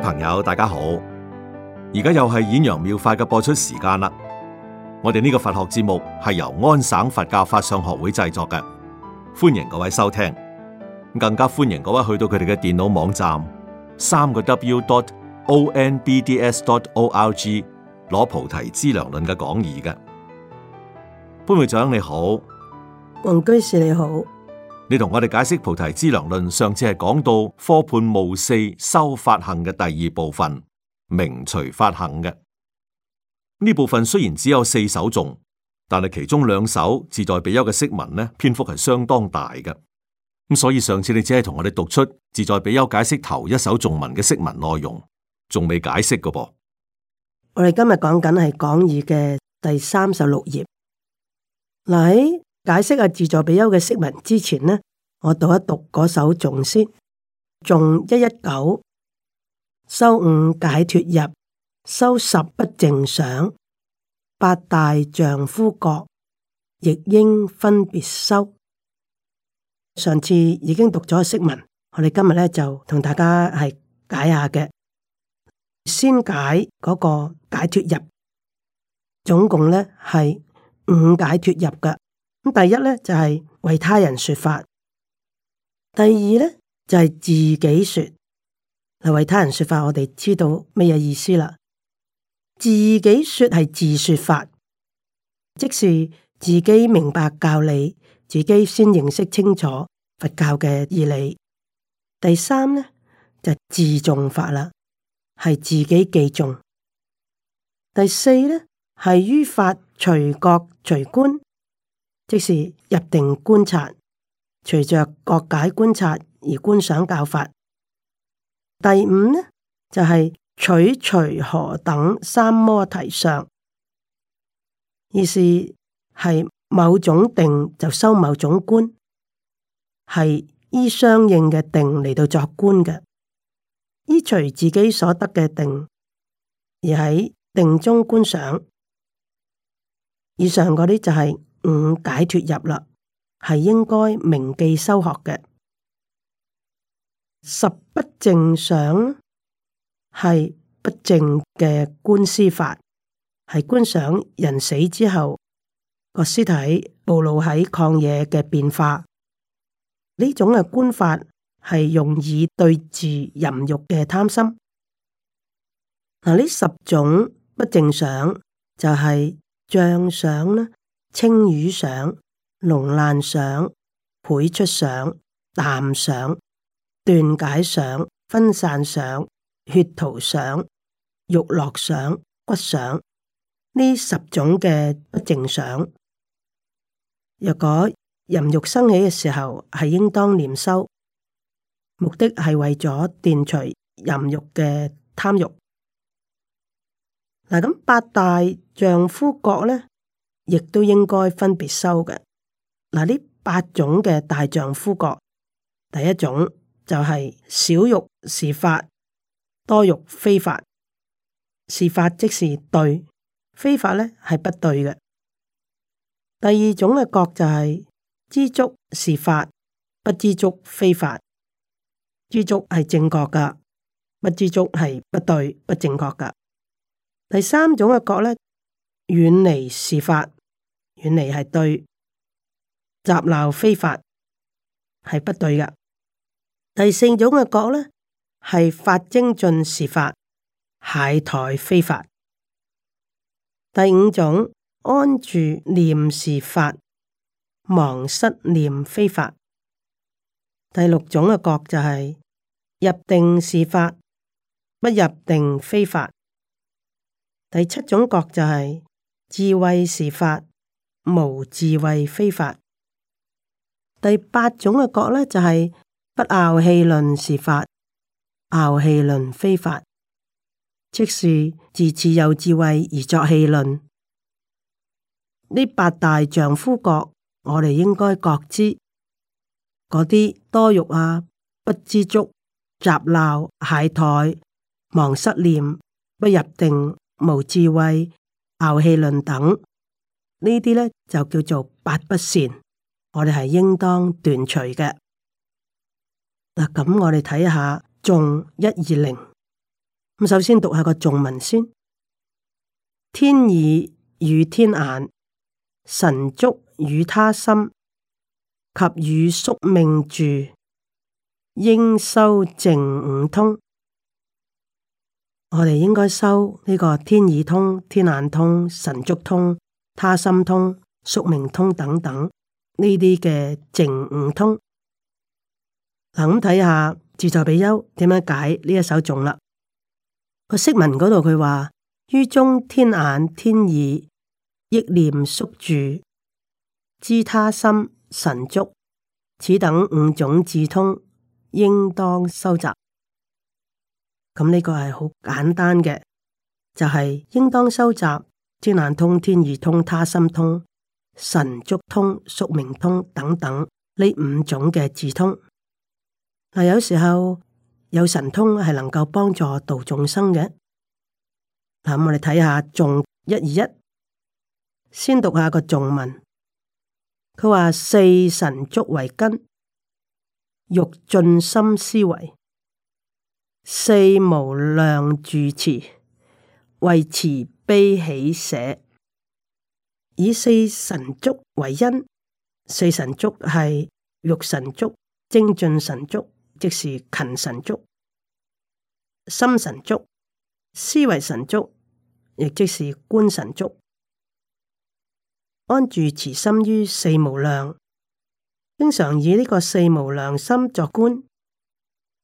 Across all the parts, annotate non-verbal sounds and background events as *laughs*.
朋友大家好，而家又係《演揚妙法》嘅播出時間啦！我哋呢個佛學節目係由安省佛教法相學會製作嘅，歡迎各位收聽，更加歡迎各位去到佢哋嘅電腦網站三個 W. dot O N B D S. dot O R G 攞菩提資糧論嘅講義嘅。潘會長你好，黃居士你好。你同我哋解釋《菩提資糧論》，上次係講到《科判無四修法行》嘅第二部分，名隨法行嘅呢部分雖然只有四首頌，但係其中兩首自在比丘嘅釋文呢，篇幅係相當大嘅。咁所以上次你只係同我哋讀出自在比丘解釋頭一首頌文嘅釋文內容，仲未解釋噶噃。我哋今日講緊係講義嘅第三十六頁，嚟。解釋啊，自助庇佑嘅釋文之前呢，我讀一讀嗰首頌先。頌一一九，修五解脫入，修十不正想。八大丈夫覺，亦應分別修。上次已經讀咗釋文，我哋今日呢就同大家係解，解下嘅。先解嗰個解脫入，總共呢係五解脫入嘅。第一咧就係、是、為他人說法，第二咧就係、是、自己說。嚟為他人說法，我哋知道咩嘢意思啦。自己說係自說法，即是自己明白教理，自己先認識清楚佛教嘅義理。第三呢，就是、自重法啦，係自己記誦；第四呢，係於法隨覺隨觀。即是入定觀察，隨着各解觀察而觀想教法。第五呢，就係、是、取隨何等三摩提相，而是係某種定就收某種觀，係依相應嘅定嚟到作觀嘅，依隨自己所得嘅定而喺定中觀想。以上嗰啲就係、是。五解脫入啦，係應該銘記修學嘅。十不正想係不正嘅觀思法，係觀想人死之後個屍體暴露喺曠野嘅變化。呢種嘅觀法係用以對治淫欲嘅貪心。嗱，呢十種不正想就係、是、像想啦。青瘀想、膿爛想、倍出想、淡想、斷解想、分散想、血塗想、肉落想、骨想。呢十種嘅不正想，若果淫欲生起嘅時候，係應當念修，目的係為咗斷除淫欲嘅貪欲。嗱，咁八大丈夫覺呢？亦都應該分別收嘅。嗱，呢八種嘅大丈夫覺，第一種就係少欲是法，多欲非法。是法即是對，非法呢係不對嘅。第二種嘅覺就係知足是法，不知足非法。知足係正確噶不知足係不對，不正確噶第三種嘅覺呢，遠離是法。遠離係對，雜鬧非法係不對嘅。第四種嘅覺呢，係法精進是法，懈怠非法。第五種安住念是法，忘失念非法。第六種嘅覺就係、是、入定是法，不入定非法。第七種覺就係、是、智慧是法，無智慧非法。第八種嘅覺呢，就係、是、不拗氣論是法，拗氣論非法，即是自持有智慧而作氣論。呢八大丈夫覺，我哋應該覺知嗰啲多欲啊，不知足、雜鬧、懈怠、忘失念、不入定、無智慧、拗氣論等。呢啲咧就叫做八不善，我哋係應當斷除嘅。嗱、啊，咁我哋睇下頌一二零，咁、嗯、首先讀下個頌文先。天耳與天眼，神足與他心，及與宿命住，應修淨五通。我哋應該修呢個天耳通、天眼通、神足通。他心通、宿命通等等呢啲嘅淨悟通，嗱咁睇下自在比丘點樣解呢一首頌啦。個釋文嗰度佢話：於中天眼天耳憶念宿住知他心神足，此等五種智通，應當收集。咁、嗯、呢、這個係好簡單嘅，就係、是、應當收集。天眼通、天耳通、他心通、神足通、宿命通等等呢五種嘅智通，嗱，有時候有神通係能夠幫助度眾生嘅。嗱，我哋睇下頌一二一，先讀一下一個頌文。佢話，四神足為根，欲盡心思維，四無量住持為持。悲喜捨，以四神足為因。四神足係欲神足、精進神足，即是勤神足；心神足、思維神足，亦即是觀神足。安住慈心於四無量，經常以呢個四無量心作觀。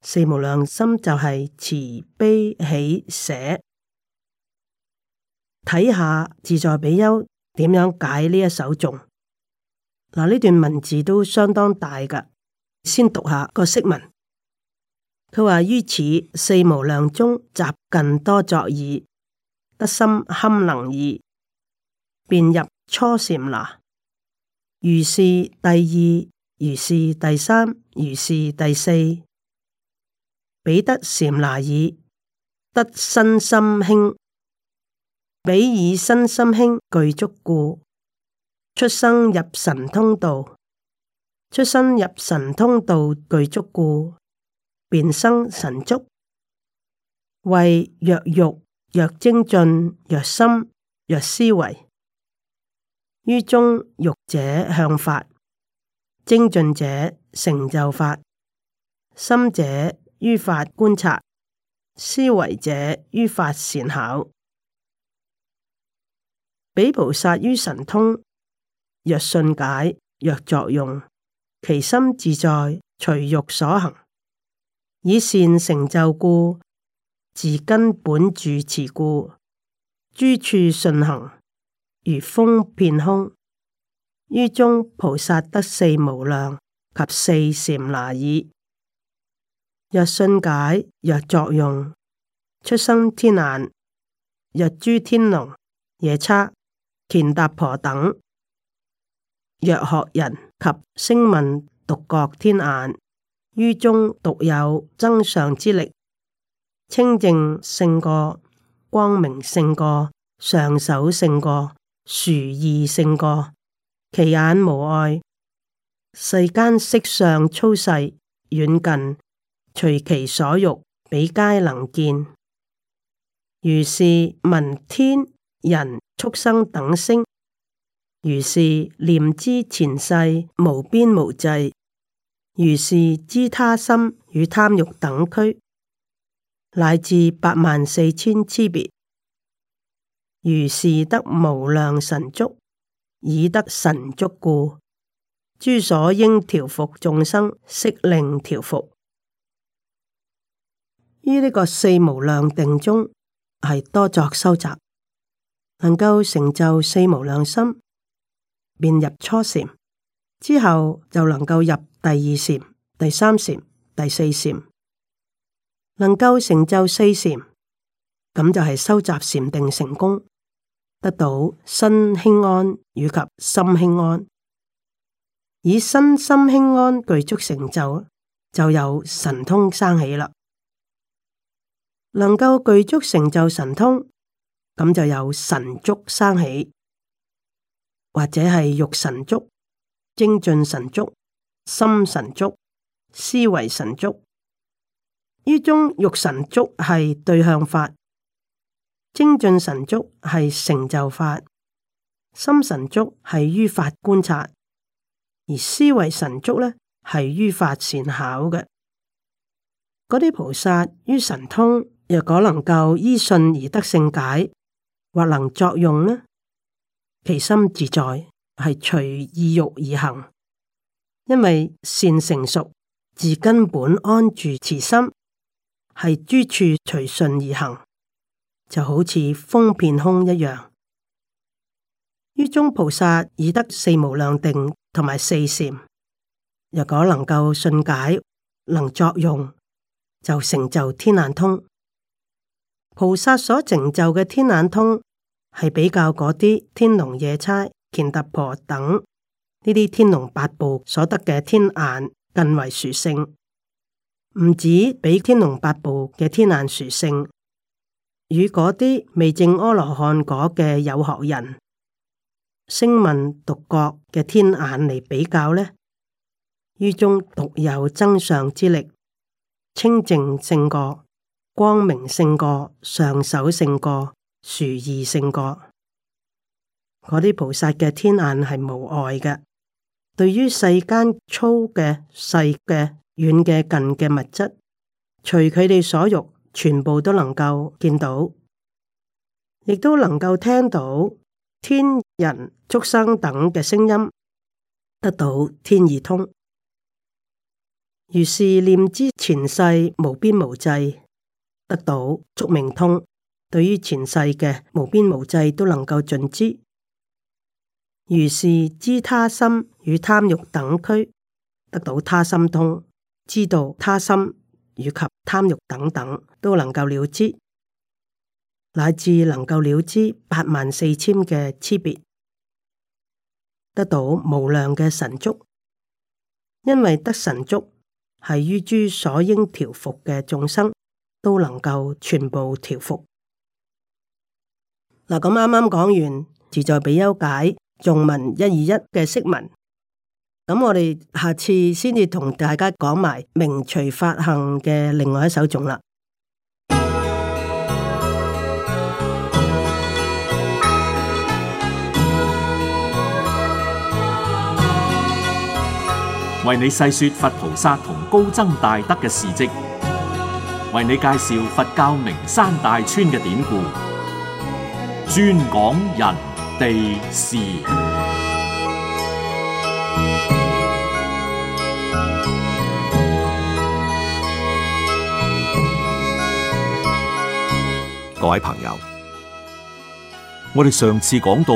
四無量心就係慈悲喜捨。睇下自在比丘點樣解呢一首頌嗱，呢段文字都相當大噶。先讀下個釋文，佢話於此四無量中集近多作耳，得心堪能耳，便入初禪啦。如是第二，如是第三，如是第四，彼得禪拿耳，得身心輕。比以身心輕具足故，出生入神通道；出生入神通道具足故，便生神足。謂若欲若精進若心若思維，於中欲者向法，精進者成就法，心者於法觀察，思維者於法善巧。比菩薩於神通，若信解，若作用，其心自在，隨欲所行，以善成就故，自根本住持故，諸處順行，如風遍空，於中菩薩得四無量及四禪那。意若信解，若作用，出生天眼，若諸天龍夜叉。乾達婆等，若學人及聲聞獨覺天眼，於中獨有增上之力，清淨勝過，光明勝過，上首勝過，殊異勝過，其眼無礙，世間色相粗細遠近，隨其所欲，比皆能見。如是聞天人。畜生等聲，如是念知前世無邊無際，如是知他心與貪欲等區，乃至八萬四千差別，如是得無量神足。以得神足故，諸所應調伏眾生，悉令調伏。於呢個四無量定中，係多作修習。能夠成就四無量心，便入初禪，之後就能夠入第二禪、第三禪、第四禪。能夠成就四禪，咁就係收集禪定成功，得到身輕安以及心輕安。以身心輕安具足成就，就有神通生起啦。能夠具足成就神通。咁就有神足生起，或者係欲神足、精進神足、心神足、思維神足。於中欲神足係對向法，精進神足係成就法，心神足係於法觀察，而思維神足呢係於法善巧嘅。嗰啲菩薩於神通，若果能夠依信而得勝解。或能作用呢？其心自在，係隨意欲而行，因為善成熟自根本安住慈心，係諸處隨順而行，就好似風片空一樣。於中菩薩已得四無量定同埋四禪，若果能夠順解能作用，就成就天眼通。菩薩所成就嘅天眼通，係比較嗰啲天龍夜叉、乾達婆等呢啲天龍八部所得嘅天眼更為殊勝，唔止比天龍八部嘅天眼殊勝，與嗰啲未證阿羅漢嗰嘅有學人聲聞獨覺嘅天眼嚟，比較呢？於中獨有增上之力，清淨勝過，光明勝過，上首勝過。殊異勝果，嗰啲菩薩嘅天眼係無礙嘅，對於世間粗嘅、細嘅、遠嘅、近嘅物質，隨佢哋所欲，全部都能夠見到，亦都能夠聽到天人、畜生等嘅聲音，得到天耳通；於是念知前世無邊無際，得到宿命通。對於前世嘅無邊無際都能夠盡知，如是知他心與貪欲等區，得到他心通，知道他心以及貪欲等等都能夠了知，乃至能夠了知八萬四千嘅差別，得到無量嘅神足。因為得神足係於諸所應調伏嘅眾生都能夠全部調伏。嗱，咁啱啱講完自在比丘解，頌文一二一嘅釋文，咁、嗯、我哋下次先至同大家講埋明除法行嘅另外一首頌啦。為你細說佛菩薩同高僧大德嘅事跡，為你介紹佛教名山大川嘅典故。專講人地事，各位朋友，我哋上次講到，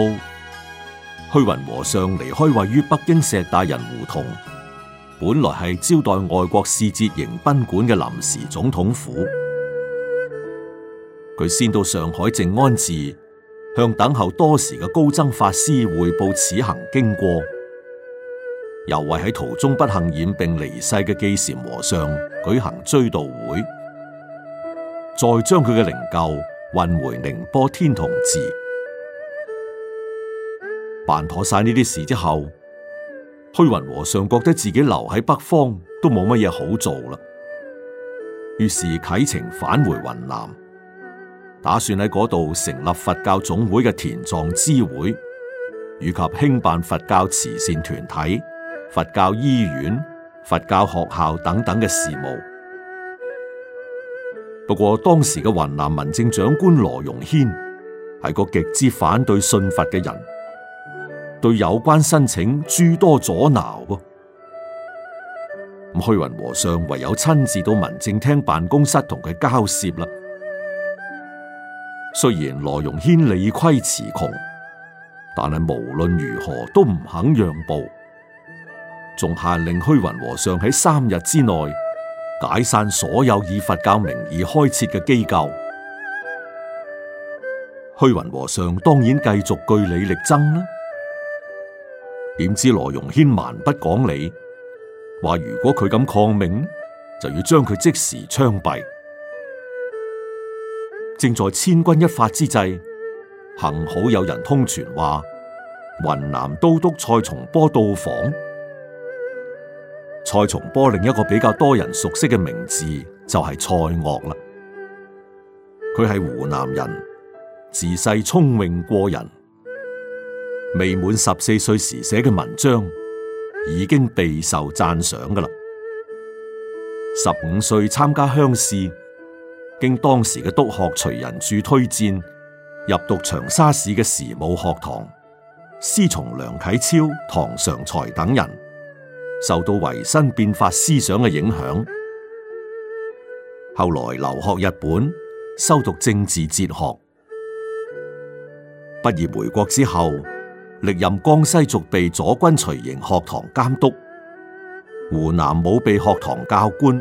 虛雲和尚離開位於北京石大人胡同、本來係招待外國使節迎賓館嘅臨時總統府，佢先到上海靜安寺。向等候多時嘅高僧法師匯報此行經過，又為喺途中不幸染病離世嘅寄禪和尚舉行追悼會，再將佢嘅靈柩運回寧波天童寺。辦妥晒呢啲事之後，虛雲和尚覺得自己留喺北方都冇乜嘢好做啦，於是啟程返回雲南。打算喺嗰度成立佛教總會嘅滇藏支會，以及興辦佛教慈善團體、佛教醫院、佛教學校等等嘅事務。不過當時嘅雲南民政長官羅榮軒，係個極之反對信佛嘅人，對有關申請諸多阻撓。咁虛雲和尚唯有親自到民政廳辦公室同佢交涉啦。雖然羅榮軒理虧詞窮，但係無論如何都唔肯讓步，仲限令虛雲和尚喺三日之內解散所有以佛教名義開設嘅機構。虛雲和尚當然繼續據理力爭呢。點知羅榮軒蠻不講理，話如果佢咁抗命，就要將佢即時槍斃。正在千鈞一髮之際，幸好有人通傳話，雲南都督蔡松波到訪。蔡松波另一個比較多人熟悉嘅名字就係蔡鍔啦。佢係湖南人，自細聰明過人，未滿十四歲時寫嘅文章已經備受讚賞噶啦。十五歲參加鄉試。經當時嘅督學徐仁柱推薦，入讀長沙市嘅時務學堂，師從梁啟超、唐常才等人，受到維新變法思想嘅影響。後來留學日本，修讀政治哲學。畢業回國之後，歷任江西族備左軍隨營學堂監督、湖南武備學堂教官。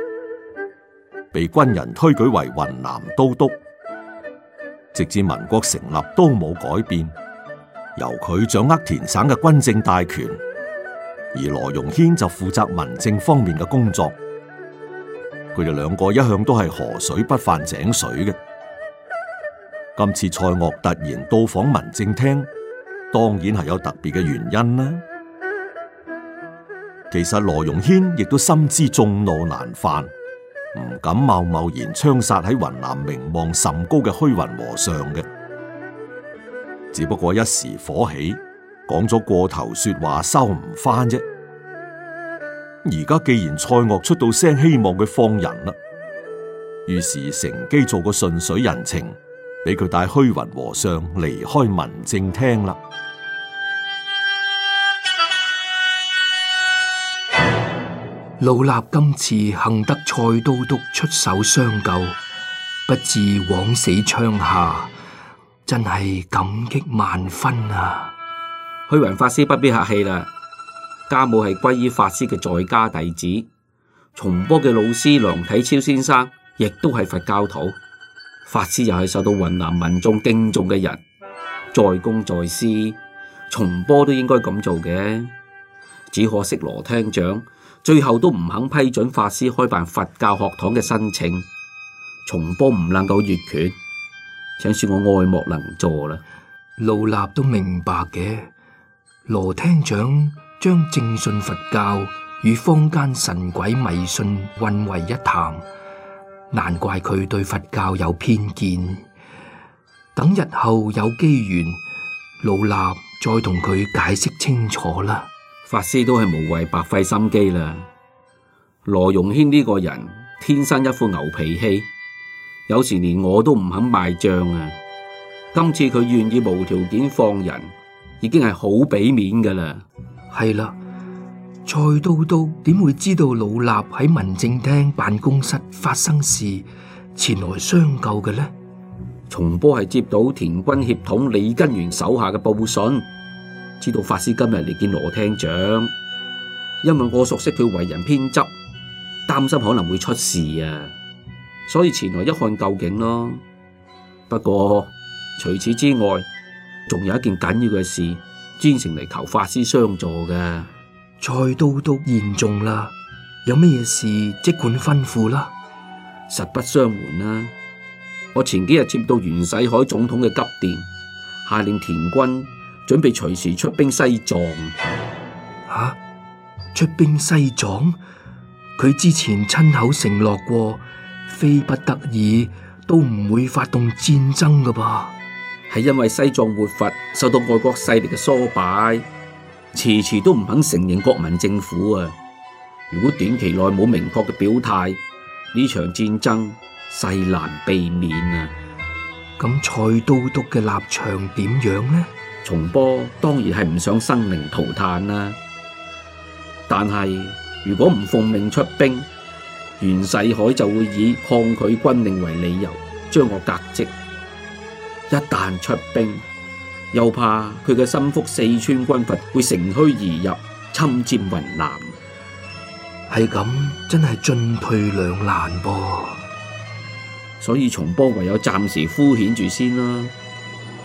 被軍人推舉為雲南都督，直至民國成立都冇改變，由佢掌握滇省嘅軍政大權，而羅榮軒就負責民政方面嘅工作。佢哋兩個一向都係河水不犯井水嘅，今次蔡鍔突然到訪民政廳，當然係有特別嘅原因啦。其實羅榮軒亦都深知眾怒難犯。唔敢貿貿然槍殺喺雲南名望甚高嘅虛雲和尚嘅，只不過一時火起，講咗過頭說話收唔返啫。而家既然蔡鍔出到聲希望佢放人啦，於是乘機做個順水人情，俾佢帶虛雲和尚離開民政廳啦。老衲今次幸得蔡都督出手相救，不致枉死槍下，真係感激萬分啊！虛雲法師不必客氣啦，家母係歸依法師嘅在家弟子，松波嘅老師梁啟超先生亦都係佛教徒，法師又係受到雲南民眾敬重嘅人，在公在私，松波都應該咁做嘅。只可惜羅廳長。最後都唔肯批准法師開辦佛教學堂嘅申請，重波唔能夠越權，請恕我愛莫能助啦。老衲都明白嘅，羅廳長將正信佛教與坊間神鬼迷信混為一談，難怪佢對佛教有偏見。等日後有機緣，老衲再同佢解釋清楚啦。法師都係無謂白費心機啦。羅榮軒呢個人天生一副牛脾氣，有時連我都唔肯賣賬啊。今次佢願意無條件放人，已經係好俾面噶啦。係啦，蔡都督點會知道老衲喺民政廳辦公室發生事前來相救嘅呢？松波係接到田軍協統李根源手下嘅報信。知道法師今日嚟見羅廳長，因為我熟悉佢為人偏執，擔心可能會出事啊，所以前來一看究竟咯。不過除此之外，仲有一件緊要嘅事，專程嚟求法師相助嘅。蔡都督言重啦，有咩事即管吩咐啦，實不相瞞啦，啊，我前幾日接到袁世凱總統嘅急電，下令田軍。準備隨時出兵西藏。吓、啊，出兵西藏？佢之前親口承諾過，非不得已都唔會發動戰爭噶噃。係因為西藏活佛受到外國勢力嘅唆擺，遲遲都唔肯承認國民政府啊。如果短期內冇明確嘅表態，呢場戰爭勢難避免啊。咁蔡都督嘅立場點樣呢？松坡當然係唔想生靈塗炭啦，但係如果唔奉命出兵，袁世凱就會以抗拒軍令為理由將我革職。一旦出兵，又怕佢嘅心腹四川軍閥會乘虛而入侵佔雲南，係咁真係進退兩難噃、啊。所以松坡唯有暫時敷衍住先啦。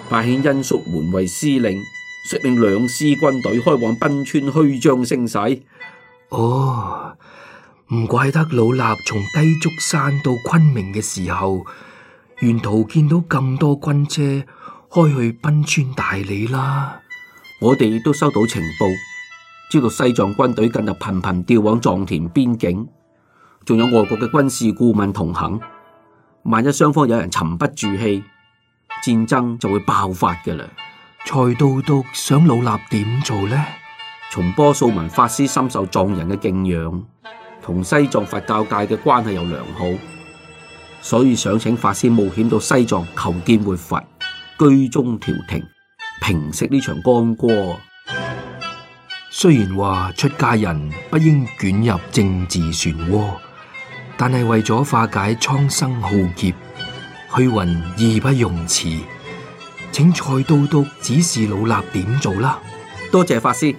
派遣殷叔門為司令，率領兩師軍隊開往賓川虛張勢，虛張聲勢。哦，唔怪得老衲從雞足山到昆明嘅時候，沿途見到咁多軍車開去賓川大理啦。我哋都收到情報，知道西藏軍隊近日頻頻調往藏田邊境，仲有外國嘅軍事顧問同行。萬一雙方有人沉不住氣。戰爭就會爆發嘅啦。才度獨想老衲點做呢？從波素文法師深受藏人嘅敬仰，同西藏佛教界嘅關係又良好，所以想請法師冒險到西藏求見活佛，居中調停，平息呢場干戈。雖然話出家人不應捲入政治漩渦，但係為咗化解蒼生浩劫。虛雲義不容辭，請蔡都督指示老衲點做啦。多謝法師。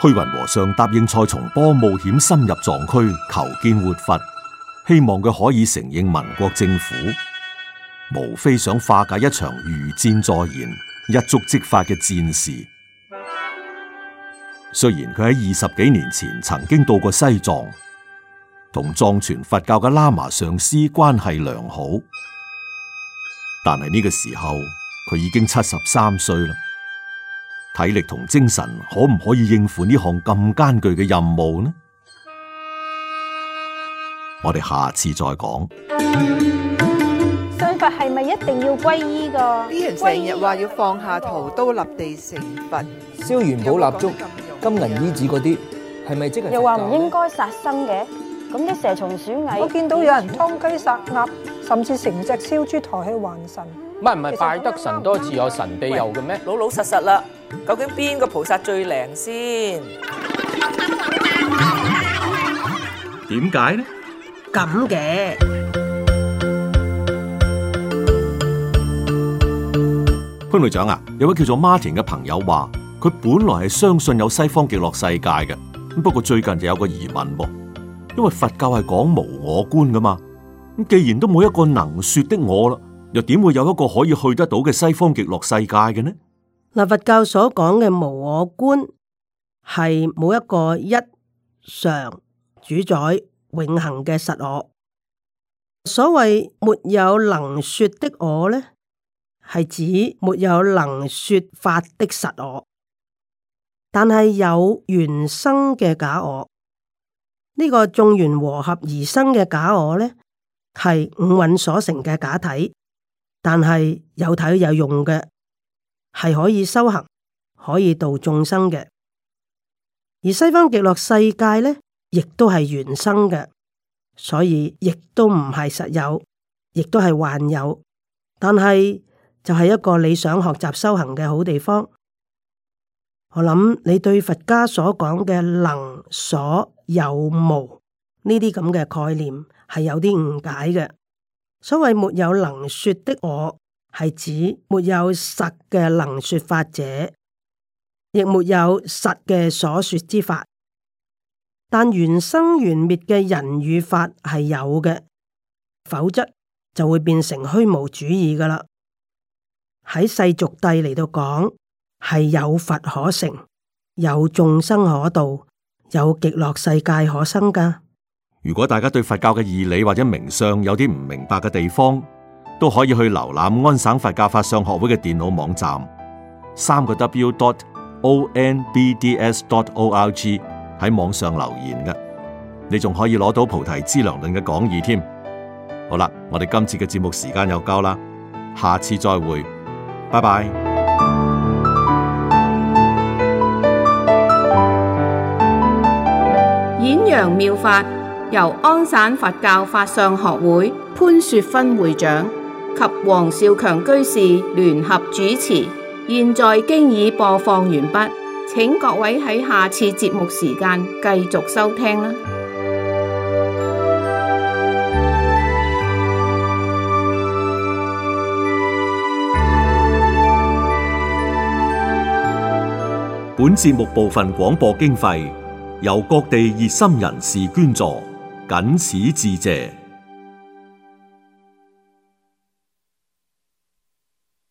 虛雲和尚答應蔡松坡冒險深入藏區求見活佛，希望佢可以承認民國政府，無非想化解一場如箭在弦、一觸即發嘅戰事。雖然佢喺二十幾年前曾經到過西藏。同藏傳佛教嘅喇嘛上師關係良好，但係呢個時候佢已經七十三歲啦，體力同精神可唔可以應付呢項咁艱巨嘅任務呢？我哋下次再講。信佛係咪一定要皈依㗎？啲人成日話要放下屠刀，立地成佛，燒元寶蠟燭、金銀衣紙嗰啲，係咪即係？又話唔應該殺生嘅？咁啲蛇蟲鼠蟻，我見到有人劏雞殺鴨，嗯、甚至成隻燒豬抬去還神。唔係唔係，實拜得神多似有神庇佑嘅咩？老老實實啦，究竟邊個菩薩最靈先？點解 *laughs* 呢？咁嘅潘隊長啊，有位叫做 Martin 嘅朋友話，佢本來係相信有西方極樂世界嘅，不過最近就有個疑問噃。因為佛教係講無我觀㗎嘛，咁既然都冇一個能說的我啦，又點會有一個可以去得到嘅西方極樂世界嘅呢？嗱，佛教所講嘅無我觀係冇一個一常主宰永恆嘅實我。所謂沒有能說的我呢，係指沒有能說法的實我，但係有原生嘅假我。呢個眾緣和合而生嘅假我咧，係五蘊所成嘅假體，但係有體有用嘅，係可以修行、可以度眾生嘅。而西方極樂世界咧，亦都係原生嘅，所以亦都唔係實有，亦都係幻有，但係就係一個你想學習修行嘅好地方。我諗你對佛家所講嘅能、所、有、無呢啲咁嘅概念係有啲誤解嘅。所謂沒有能說的我，係指沒有實嘅能說法者，亦沒有實嘅所說之法。但原生原滅嘅人與法係有嘅，否則就會變成虛無主義噶啦。喺世俗諦嚟到講。係有佛可成，有眾生可度，有極樂世界可生噶。如果大家對佛教嘅義理或者名相有啲唔明白嘅地方，都可以去瀏覽安省佛教法相學會嘅電腦網站，三個 W dot O N B D S dot O R G 喺網上留言噶。你仲可以攞到菩提資糧論嘅講義添。好啦，我哋今次嘅節目時間又夠啦，下次再會，拜拜。妙法由安省佛教法相學會潘雪芬會長及黃少強居士聯合主持，現在經已播放完畢，請各位喺下次節目時間繼續收聽啦。本節目部分廣播經費。由各地熱心人士捐助，僅此致謝。